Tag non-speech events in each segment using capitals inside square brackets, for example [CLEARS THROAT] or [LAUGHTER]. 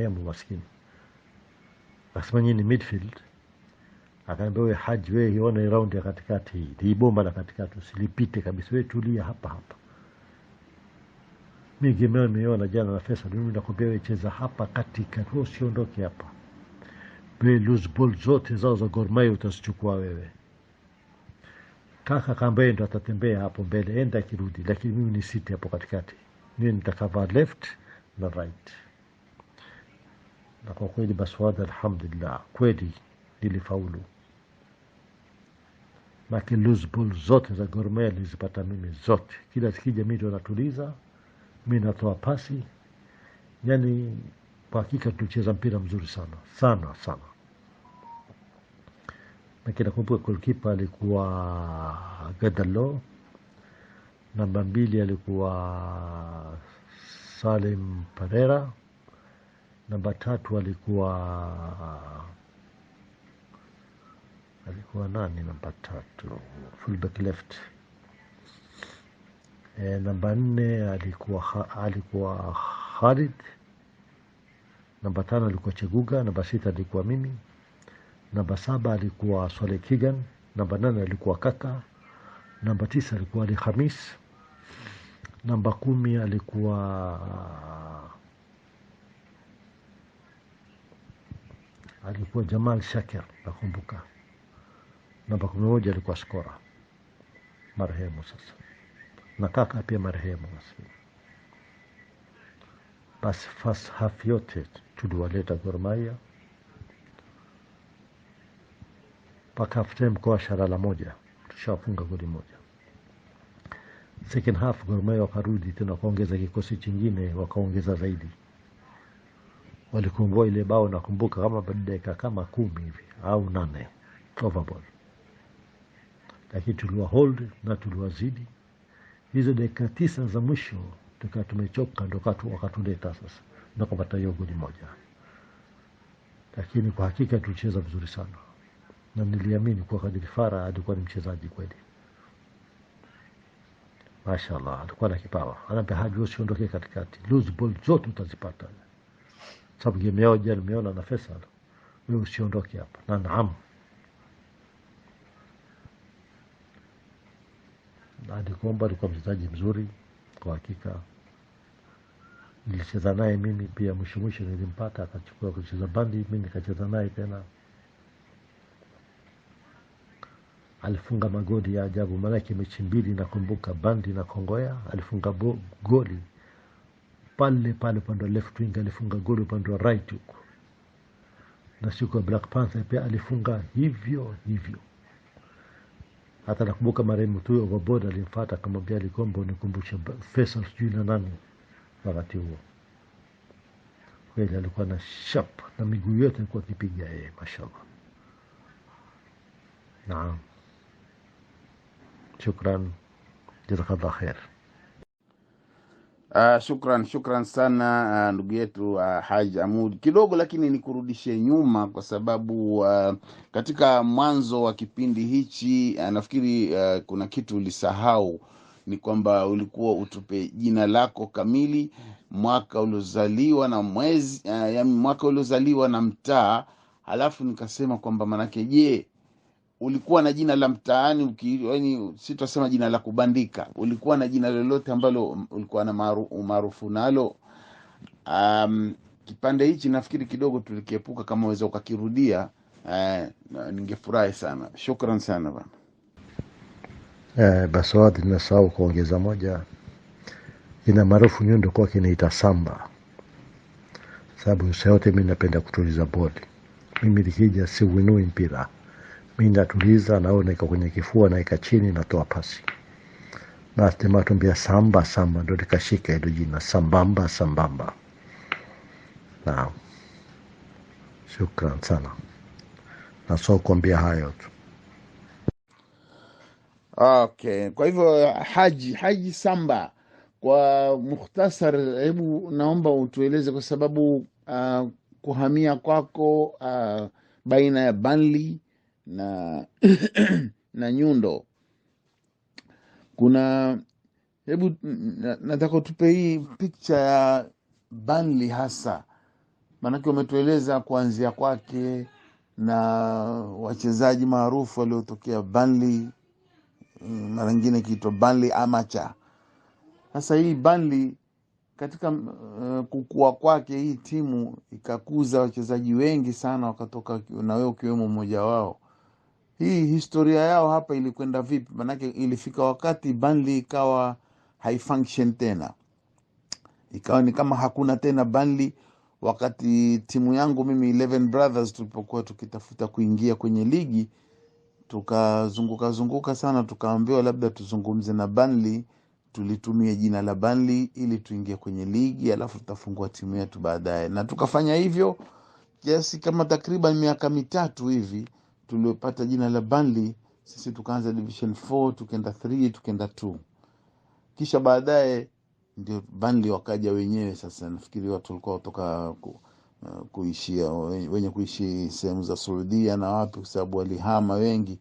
marehemu maskini, akasema nyinyi ni midfield, akaambia we Haji, we ione raundi ya katikati hii, hii bomba la katikati usilipite kabisa, we tulia hapa hapa. Mi gemeo nimeona jana na Faisal, mimi nakwambia we cheza hapa katikati, we usiondoke hapa, we lose ball zote zao za Gor Mahia utazichukua wewe kaka kambaye ndo atatembea hapo mbele, enda akirudi, lakini mimi ni siti hapo katikati, mimi nitakava left na right na kwa kweli baswada alhamdulillah kweli nilifaulu, make loose zote za gorme lizipata nilizipata mimi zote. Kila sikija mimi ndo natuliza, mi natoa pasi, yani kwa hakika tulicheza mpira mzuri sana sana sana. Lakini nakumbuka alikuwa Gadalo, namba mbili alikuwa Salim Parera, Namba tatu alikuwa alikuwa nani? Namba tatu fullback left. E, namba nne alikuwa alikuwa Khalid. Namba tano alikuwa Cheguga. Namba sita alikuwa mimi. Namba saba alikuwa Swale Kigan. Namba nane alikuwa Kaka. Namba tisa alikuwa Ali Khamis. Namba kumi alikuwa alikuwa Jamal Shaker, nakumbuka namba kumi na moja alikuwa skora marehemu sasa, na kaka pia marehemu. Basi first half yote tuliwaleta Gor Mahia mpaka half time kwa sharala moja, tushawafunga goli moja. Second half Gor Mahia wakarudi tena wakaongeza kikosi chingine, wakaongeza zaidi walikumbua ile bao, nakumbuka kama dakika kama kumi hivi au nane overball, lakini tuliwa hold na tuliwazidi. Hizo dakika tisa za mwisho tukawa tumechoka, ndo wakatuleta sasa na kupata hiyo goli moja, lakini kwa hakika tulicheza vizuri sana na niliamini kuwa Kadiri Fara alikuwa ni mchezaji kweli. Mashallah, alikuwa na kipawa, anaambia hajui katikati, ball zote utazipata sababu ngemea jana nimeona na Faisal, wewe usiondoke hapa na naam Adi Komba alikuwa mchezaji mzuri kwa hakika, nilicheza naye mimi pia. Mwisho mwisho nilimpata akachukua kucheza bandi, mimi nikacheza naye tena. Alifunga magoli ya ajabu, maanake mechi mbili nakumbuka, bandi na Kongoya alifunga goli pale pale upande wa left wing alifunga goli upande wa right huko, na siku ya Black Panther pia alifunga hivyo hivyo. Hata nakumbuka marehemu tu Overboard alimfuata akamwambia Ligomba, unikumbusha Faisal sijui na nani. Wakati huo kweli alikuwa na sharp na miguu yote alikuwa akipiga yeye, mashallah. Naam, shukran, jazakallah khair. Uh, shukran shukran sana uh, ndugu yetu uh, Haji Amud, kidogo lakini nikurudishe nyuma kwa sababu uh, katika mwanzo wa kipindi hichi uh, nafikiri uh, kuna kitu ulisahau, ni kwamba ulikuwa utupe jina lako kamili, mwaka uliozaliwa na mwezi uh, yaani mwaka uliozaliwa na mtaa, halafu nikasema kwamba manake je ulikuwa na jina la mtaani, si yaani sitasema jina la kubandika, ulikuwa na jina lolote ambalo ulikuwa na maru, umaarufu nalo. Um, kipande hichi nafikiri kidogo tulikiepuka, kama uweza ukakirudia, eh, ningefurahi sana. Shukran sana bana. Eh, Baswadi, nimesahau kuongeza moja, ina maarufu nyundo kwake niita samba, sababu saa yote mi napenda kutuliza bodi. Mimi likija siuinui mpira mi natuliza, nawe naika kwenye kifua, naika chini, natoa pasi na samba samba, ndo nikashika hilo jina sambamba sambamba. na shukran sana, naso kuambia hayo tu. Okay, kwa hivyo Haji Haji Samba, kwa mukhtasar, hebu naomba utueleze kwa sababu uh, kuhamia kwako uh, baina ya banli na [CLEARS THROAT] na nyundo. Kuna hebu nataka na tupe hii picha ya banli hasa, maanake wametueleza kuanzia kwake na wachezaji maarufu waliotokea banli mm, mara ngine kiitwa banli amacha. Sasa hii banli katika uh, kukua kwake hii timu ikakuza wachezaji wengi sana wakatoka, na ukiwemo mmoja wao hii historia yao hapa ilikwenda vipi? manake ilifika wakati banli ikawa haifunction tena, ikawa ni kama hakuna tena banli Wakati timu yangu mimi Eleven Brothers tulipokuwa tukitafuta kuingia kwenye ligi, tukazunguka zunguka sana, tukaambiwa labda tuzungumze na banli tulitumia jina la banli ili tuingie kwenye ligi, alafu tutafungua timu yetu baadaye, na tukafanya hivyo kiasi kama takriban miaka mitatu hivi tuliopata jina la banly sisi tukaanza division 4 tukaenda 3 tukaenda 2 kisha baadaye ndio Burnley wakaja wenyewe. Sasa nafikiri watu walikuwa kutoka uh, kuishia wenye kuishi sehemu za Saudia na wapi, kwa sababu walihama wengi.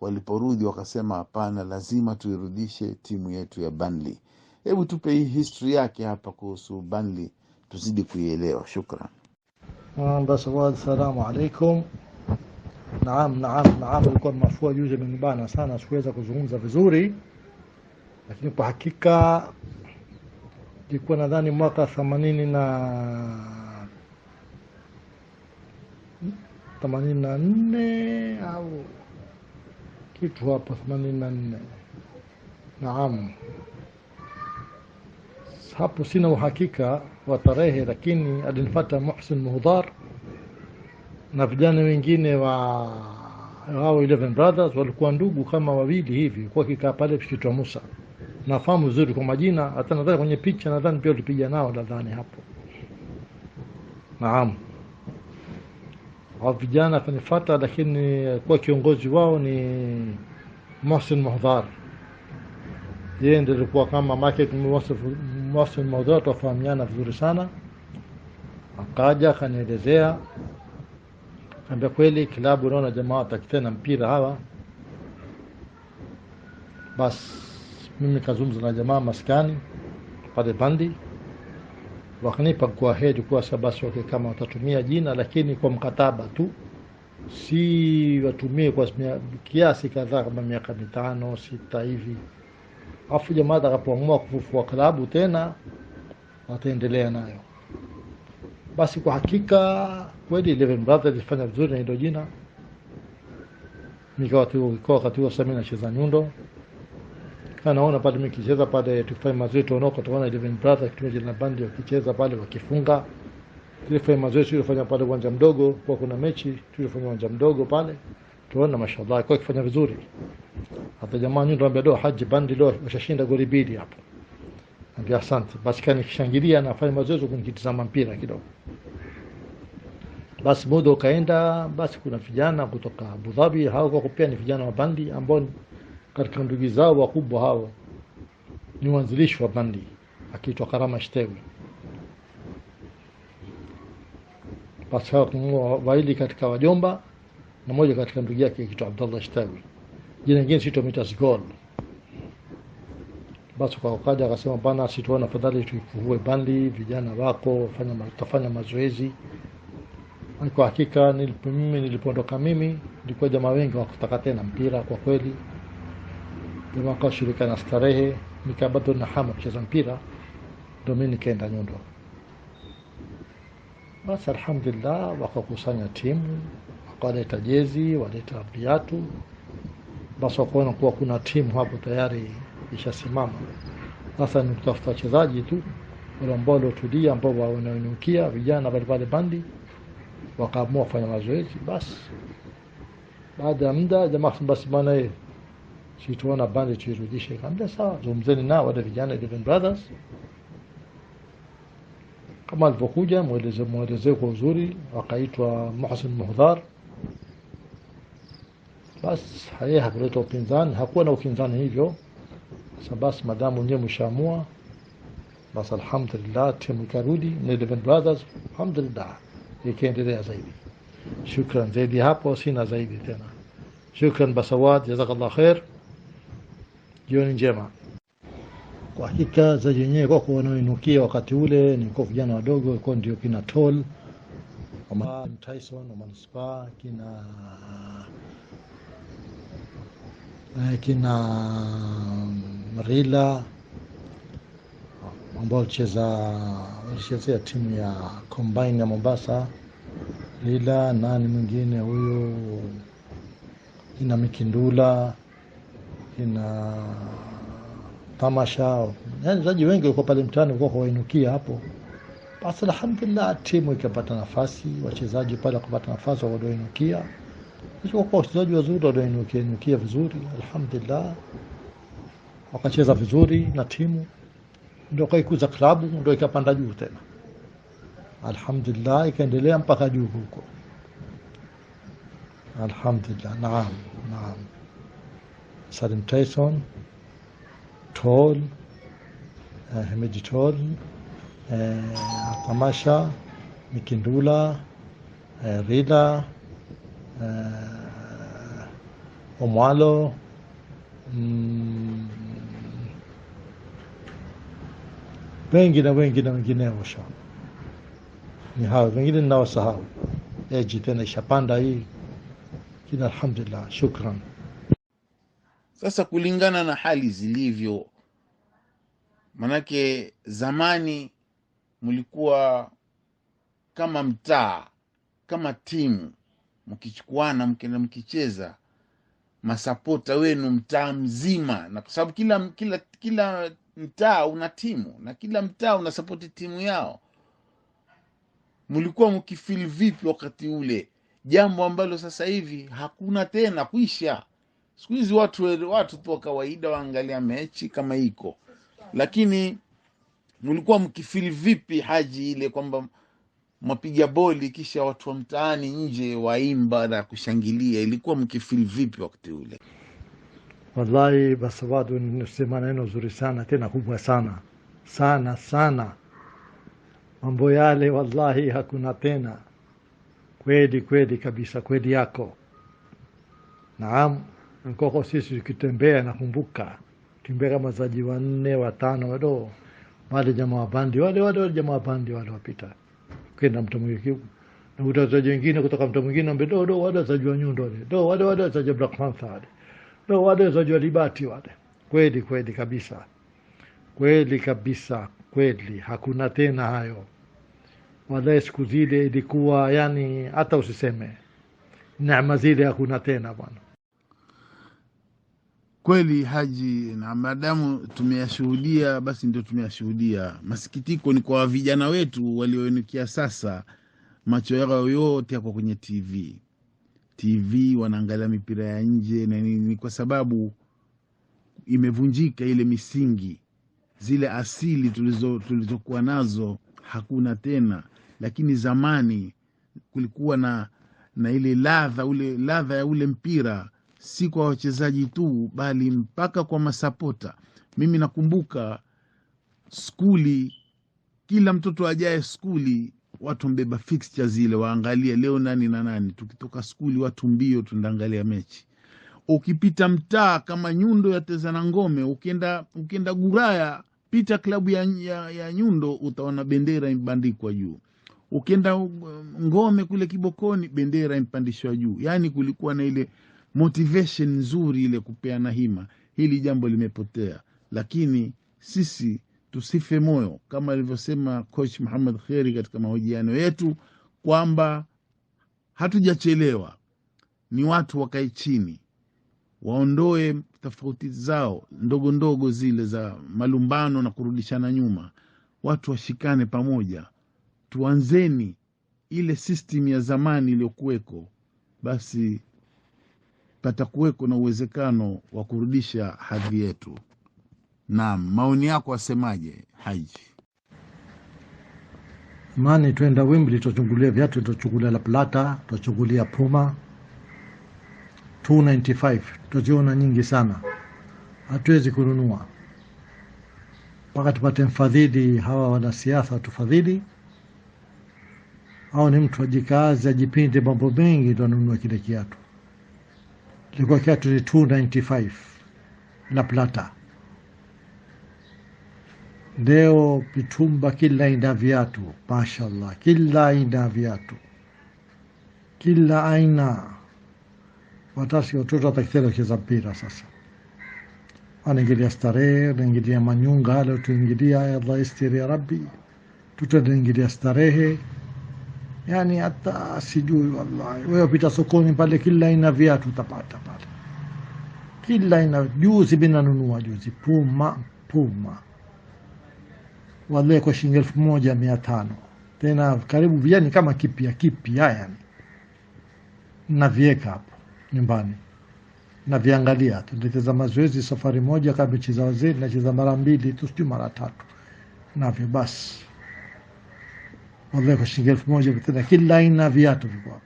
Waliporudi wakasema hapana, lazima tuirudishe timu yetu ya Burnley. Hebu tupe hii history yake hapa kuhusu Burnley tuzidi kuielewa. Shukran. Basi, salamu alaikum Naam, naam, naam, ulikuwa mafua juzi, amenibana sana, sikuweza kuzungumza vizuri, lakini kwa hakika ilikuwa nadhani mwaka themanini na themanini na nne au kitu hapo, themanini na nne naam. Hapo sina uhakika wa tarehe, lakini alinifata Muhsin Muhdhar na vijana wengine wa hao 11 Brothers walikuwa ndugu kama wawili hivi, kwa kikaa pale msikiti wa Musa. Nafahamu vizuri kwa majina, hata nadhani kwenye picha nadhani pia ulipiga nao nadhani hapo. Naam, hao vijana kunifuata, lakini kwa kiongozi wao ni Mohsin Muhdhar. Yeye ndiye alikuwa kama market Mohsin Muhdhar, tufahamiana vizuri sana. Akaja akanielezea Ambia kweli klabu, unaona jamaa watakitena mpira hawa. bas mimi kazungumza na jamaa maskani pale Bandi, wakanipa kuahidi kuwa sabasi wake kama watatumia jina, lakini kwa mkataba tu, si watumie kwa kiasi kadhaa kama miaka mitano sita hivi, afu jamaa atakapoamua kufufua klabu tena wataendelea nayo. Basi kwa hakika kweli Eleven Brothers ilifanya vizuri na hilo jina, nikawa tu kwa wakati huo sasa mimi nacheza nyundo naona pale mimi kicheza pale tukifanya mazoezi tuona kwa tuona Eleven Brothers kitu jina bandi wakicheza pale wakifunga. Tulifanya mazoezi tulifanya pale uwanja mdogo, kwa kuna mechi tulifanya uwanja mdogo pale, tuona mashallah kwa kifanya vizuri. Hata jamaa nyundo ambaye doa Haji bandi leo washashinda goli mbili hapo. Asante. Basi kani kishangilia nafanya mazoezi nikitizama mpira kidogo. Basi muda ukaenda, basi kuna vijana kutoka Abu Dhabi, hao kwa kupia ni vijana wa bandi ambao katika ndugu zao wakubwa hao ni wanzilishi wa bandi akiitwa Karama Shtewi. Basi hao waili katika wajomba na moja katika ndugu yake akiitwa Abdullah Shtewi, jina lingine sitomita Gold basi kwa wakaja akasema, bana, situona fadhali tuifungue bandi vijana wako fanya, tafanya mazoezi. Kwa hakika nilipo, mimi nilipoondoka mimi nilikuwa jamaa wengi wakutaka tena mpira kwa kweli, jamaa shirika na starehe, nikaa bado na hamu kucheza mpira, ndio mimi nikaenda Nyundo. Basi alhamdulillah, wakakusanya timu, wakaleta jezi, waleta viatu, basi wakaona kuwa kuna timu hapo tayari ishasimama. Sasa ni kutafuta wachezaji tu wale ambao waliotulia, ambao wanaoinukia, vijana palepale bandi wakaamua kufanya mazoezi. Basi baada ya muda jamaa basi, bwana eh, si tuona bandi tuirudishe. Kaambia sawa, zungumzeni nao wale vijana Brothers kama alivyokuja mweleze mwelezee kwa uzuri. Wakaitwa Muhsin Muhdhar. Basi yeye hakuleta upinzani, hakuwa na upinzani hivyo sasa basi madamu wenyewe mshaamua, basi alhamdulillah, timu ikarudi na Eleven Brothers, alhamdulillah, ikaendelea zaidi. Shukran zaidi hapo, sina zaidi tena. Shukran Basawad, jazakallah khair. Jioni njema. Kwa hakika zaji wenyewe kwako wanaoinukia wakati ule kwa vijana wadogo, kwa ndio kina Toll Oman Tyson wa manispaa kina eh, kina Mrila ambao alicheza alichezea timu ya Combine ya Mombasa. rila nani mwingine huyo, ina Mikindula, ina Tamasha, yani wachezaji wengi walikuwa pale mtaani, walikuwa kuwainukia hapo. Basi alhamdulillah, timu ikapata nafasi, wachezaji pale wakapata nafasi, wakadoinukia kwa wachezaji wazuri, wadoinukia inukia vizuri, alhamdulillah wakacheza vizuri na timu, ndio kaikuza klabu, ndio ikapanda juu tena, alhamdulillah, ikaendelea mpaka juu huko, alhamdulillah. Naam, naam. Salim Tyson Tol, uh, eh, Hemedi Tol, uh, eh, Tamasha Mikindula, uh, Rida, uh, Omwalo, mm, wengi na wengi na wengineo sha ni hao wengine ninawasahau. Eji tena ishapanda hii, kina alhamdulillah, shukran. Sasa kulingana na hali zilivyo, manake zamani mlikuwa kama mtaa kama timu mkichukuana, mkenda mkicheza masapota wenu mtaa mzima, na kwa sababu kila, kila, kila mtaa una timu na kila mtaa unasapoti timu yao. Mlikuwa mkifil vipi wakati ule? Jambo ambalo sasa hivi hakuna tena, kuisha. Siku hizi watu watu tu wa kawaida waangalia mechi kama iko, lakini mlikuwa mkifil vipi haji ile kwamba mwapiga boli kisha watu wa mtaani nje waimba na kushangilia, ilikuwa mkifil vipi wakati ule? Wallahi, Basawadu nisema neno zuri sana tena kubwa sana sana sana. Mambo yale wallahi hakuna tena, kweli kweli kabisa, kweli yako. Naam, nkoko sisi ukitembea, nakumbuka tembea kama zaji wanne watano wado wale jamaa wa bandi wale wale jamaa wa bandi wale wapita kwenda mtu mwingine na utazaji wengine kutoka mtu mwingine mbe do do wale zaji wa nyundo wale do wale wale wazajua Black Panther wale ndio wale wajua libati wale, kweli kweli kabisa, kweli kabisa, kweli hakuna tena hayo. Walahi siku zile ilikuwa yani, hata usiseme nema zile hakuna tena bwana. Kweli Haji, na madamu tumeyashuhudia basi ndio tumeyashuhudia. Masikitiko ni kwa vijana wetu walioenukia sasa, macho yao yote yako kwenye TV. TV wanaangalia mipira ya nje na nini, kwa sababu imevunjika ile misingi, zile asili tulizo tulizokuwa nazo hakuna tena. Lakini zamani kulikuwa na na ile ladha ule ladha ya ule mpira, si kwa wachezaji tu, bali mpaka kwa masapota. Mimi nakumbuka skuli, kila mtoto ajaye skuli watu mbeba fixture zile waangalie leo nani na nani. Tukitoka skuli watu mbio tundaangalia mechi. Ukipita mtaa kama Nyundo teza na ngome, ukienda ukienda Guraya pita klabu ya, ya, ya Nyundo utaona bendera imbandikwa juu. Ukienda um, Ngome kule Kibokoni bendera impandishwa juu. Yaani kulikuwa na ile motivation nzuri ile kupeana hima. Hili jambo limepotea, lakini sisi tusife moyo kama alivyosema coach Muhammad Kheri katika mahojiano yetu kwamba hatujachelewa, ni watu wakae chini waondoe tofauti zao ndogo ndogo zile za malumbano na kurudishana nyuma, watu washikane pamoja, tuanzeni ile system ya zamani iliyokuweko, basi patakuweko na uwezekano wa kurudisha hadhi yetu. Naam, maoni yako asemaje Haji? Mani, twenda Wembley, tuchungulia viatu, tuchungulia La Plata, tuchungulia Puma 295 tutaziona nyingi sana, hatuwezi kununua mpaka tupate mfadhili. Hawa wanasiasa tufadhili, au ni mtu ajikazi, ajipinde mambo mengi, ndo anunua kile kiatu. likuwa kiatu ni 295 La Plata. Leo mitumba kila ina viatu, mashallah, kila aina viatu, kila aina. Watasi watoto watakithera kucheza mpira sasa, wanaingilia starehe, wanaingilia manyunga ala tuingilia, Allah istiri ya Rabbi, tutaingilia starehe Yani hata sijui wallahi, wewe pita sokoni pale, kila aina viatu utapata pale, kila aina. Juzi binanunua juzi, puma puma wadhee kwa shilingi elfu moja mia tano tena karibu vijani kama kipya kipya yani navieka hapo nyumbani naviangalia tunacheza mazoezi safari moja kama mecheza wazee nacheza mara mbili tu sijui mara tatu navyo basi wadhee kwa shilingi elfu moja tena kila aina viatu viko hapo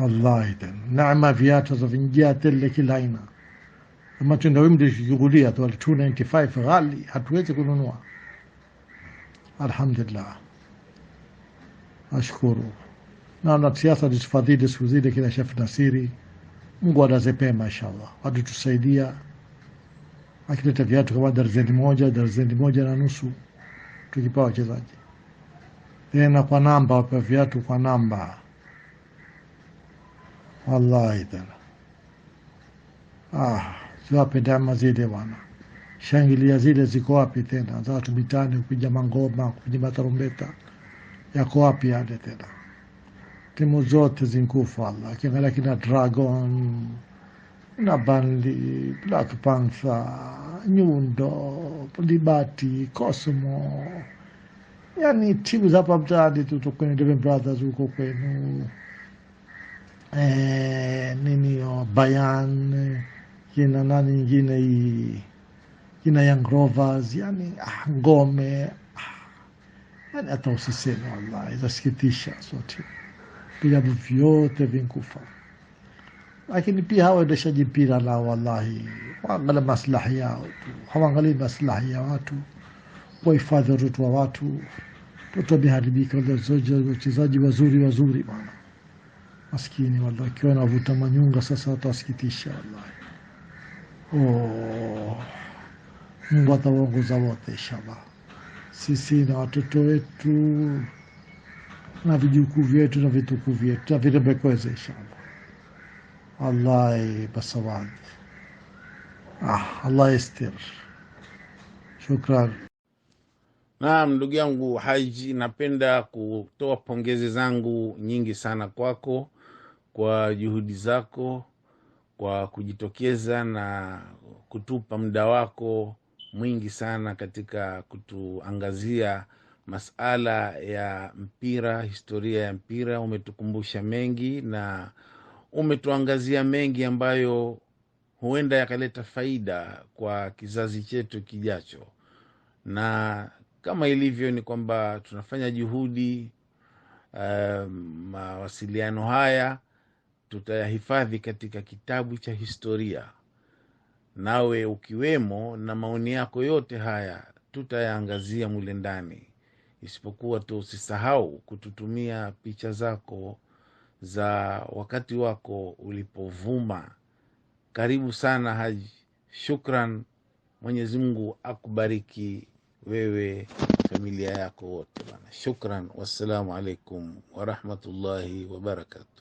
wallahi tena naama viatu zavingia tele kila aina matendawii mlishughulia tu 295 ghali, hatuwezi kununua. Alhamdulillah, ashukuru naona siasa zitufadhili siku zile, kina Shekh Nasiri, Mungu alaze pema watutusaidia akileta viatu kama darzeni moja darzeni moja na nusu tukipewa wachezaji tena kwa namba, wapewa viatu kwa namba, wallahi taala ah dama zile bwana, shangilia zile ziko wapi tena? Za watu mitani kupiga mangoma kupiga matarumbeta yako wapi yale tena? Timu zote zinkufa. Allah, akiangalia kina Dragon na Banli, Black Panther, Nyundo, Libati, Cosmo, yani timu za hapa mtaani tu kwenu, Devin Brothers huko kwenu, eh, nini yo, Bayan kina nani ingine hii kina Young Rovers, yani ah, ngome ah, yani hata usiseme, wallahi zasikitisha sote vilabu vyote vinkufa, lakini pia hawa waendeshaji mpira nao wallahi waangalia maslahi yao tu, hawaangalii maslahi ya watu, wahifadhi watoto wa watu. Watoto wameharibika, wachezaji wazuri wazuri bwana, maskini wallahi, wakiwa wanavuta manyunga sasa watawasikitisha wallahi watawaongoza oh. wote inshallah, sisi na watoto wetu na vijukuu vyetu na vitukuu vyetu na virembekweze inshallah. Wallahi basawadi. Ah, Allah estir. Shukran. Naam, ndugu yangu Haji, napenda kutoa pongezi zangu nyingi sana kwako kwa juhudi zako kwa kujitokeza na kutupa muda wako mwingi sana katika kutuangazia masala ya mpira, historia ya mpira. Umetukumbusha mengi na umetuangazia mengi ambayo huenda yakaleta faida kwa kizazi chetu kijacho, na kama ilivyo ni kwamba tunafanya juhudi um, mawasiliano haya tutayahifadhi katika kitabu cha historia, nawe ukiwemo na maoni yako yote haya tutayaangazia mule ndani, isipokuwa tu usisahau kututumia picha zako za wakati wako ulipovuma. Karibu sana Haji, shukran. Mwenyezi Mungu akubariki wewe, familia yako wote bana. Shukran, wassalamu alaikum warahmatullahi wabarakatu.